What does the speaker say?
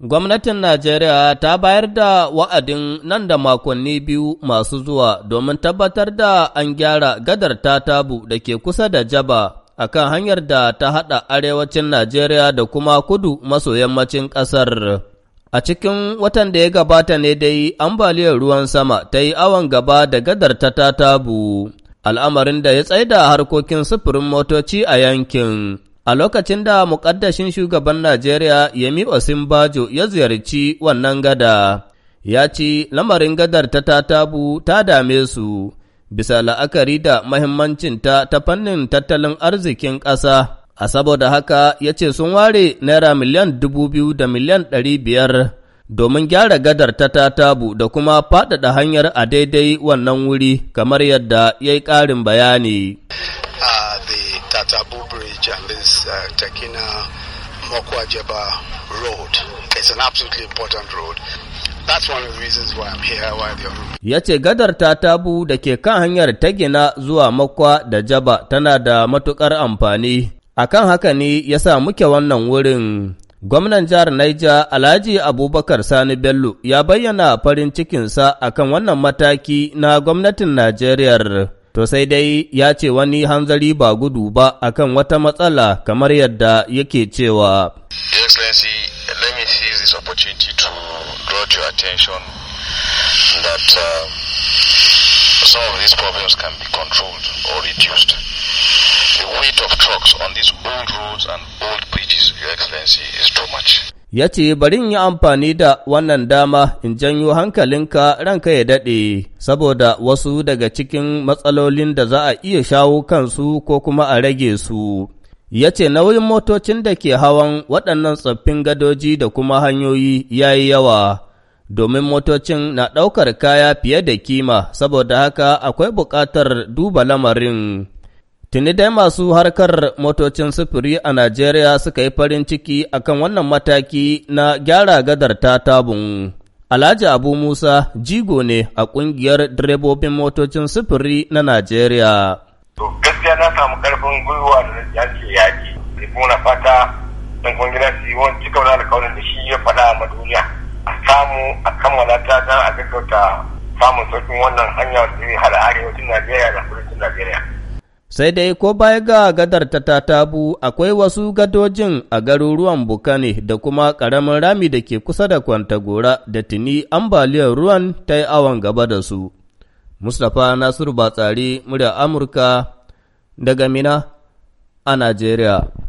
Gwamnatin Najeriya ta bayar da wa'adin nan da makonni biyu masu zuwa domin tabbatar da an gyara gadar ta tabu da ke kusa da jaba a kan hanyar da ta haɗa arewacin Najeriya da kuma kudu maso yammacin ƙasar. A cikin watan da ya gabata ne dai ambaliyar ruwan sama ta yi awon gaba da gadar ta tabu, al'amarin da ya tsaida harkokin sufurin motoci a yankin. A lokacin da muƙaddashin shugaban Najeriya Yemi Osinbajo ya ziyarci wannan gada, ya ci lamarin gadar ta tatabu ta dame su, bisa la'akari da mahimmancinta ta fannin tattalin arzikin ƙasa. A saboda haka ya ce sun ware naira miliyan dubu biyu da miliyan ɗari biyar domin gyara gadar ta tatabu da kuma faɗaɗa hanyar a daidai wannan wuri kamar yadda ya yi ƙarin bayani. Bridge and this uh, Takina Mokwajeba Road. It's an absolutely important road. That's one of the reasons why I'm here, why the Ya ce gadar ta tabu da ke kan hanyar ta gina zuwa makwa da jaba tana da matukar amfani. Akan haka ne ya sa muke wannan wurin. Gwamnan jihar Niger Alhaji Abubakar Sani Bello ya bayyana farin cikinsa akan wannan mataki na gwamnatin Najeriya. To sai dai ya ce wani hanzari ba gudu ba akan wata matsala kamar yadda yake cewa. Excellency, let me seize this opportunity to draw your attention that uh, some of these problems can be controlled or reduced. The weight of trucks on these old roads and old bridges, Your Excellency, is too much. ya ce bari yi amfani da wannan dama in janyo hankalinka ranka ya daɗe, saboda wasu daga cikin matsalolin da za a iya shawo kansu ko kuma a rage su. Ya ce nauyin motocin da ke hawan waɗannan tsaffin gadoji da kuma hanyoyi ya yi yawa, domin motocin na ɗaukar kaya fiye da kima, saboda haka akwai buƙatar duba lamarin. Tuni dai masu harkar motocin sufuri a Najeriya suka yi farin ciki akan wannan mataki na gyara gadar ta tabun. Alhaji Abu Musa jigo ne a ƙungiyar direbobin motocin sufuri na Najeriya. To gaskiya na samu karfin gwiwa da yaki yaki. kuma fata don kun su yi wani cika wani alƙawarin da shi ya faɗa a duniya. A samu a kammala ta don a gaggauta samun sauƙin wannan hanyar da zai hada arewacin Najeriya da kudancin Najeriya. sai dai ko baya ga gadar ta tabu akwai wasu gadojin a garuruwan Bukane da kuma ƙaramin rami da ke kusa da Kwantagora da tuni ambaliyar ruwan ta yi awon gaba da su. Mustapha Nasiru Batsari, murya Amurka daga Mina a Najeriya.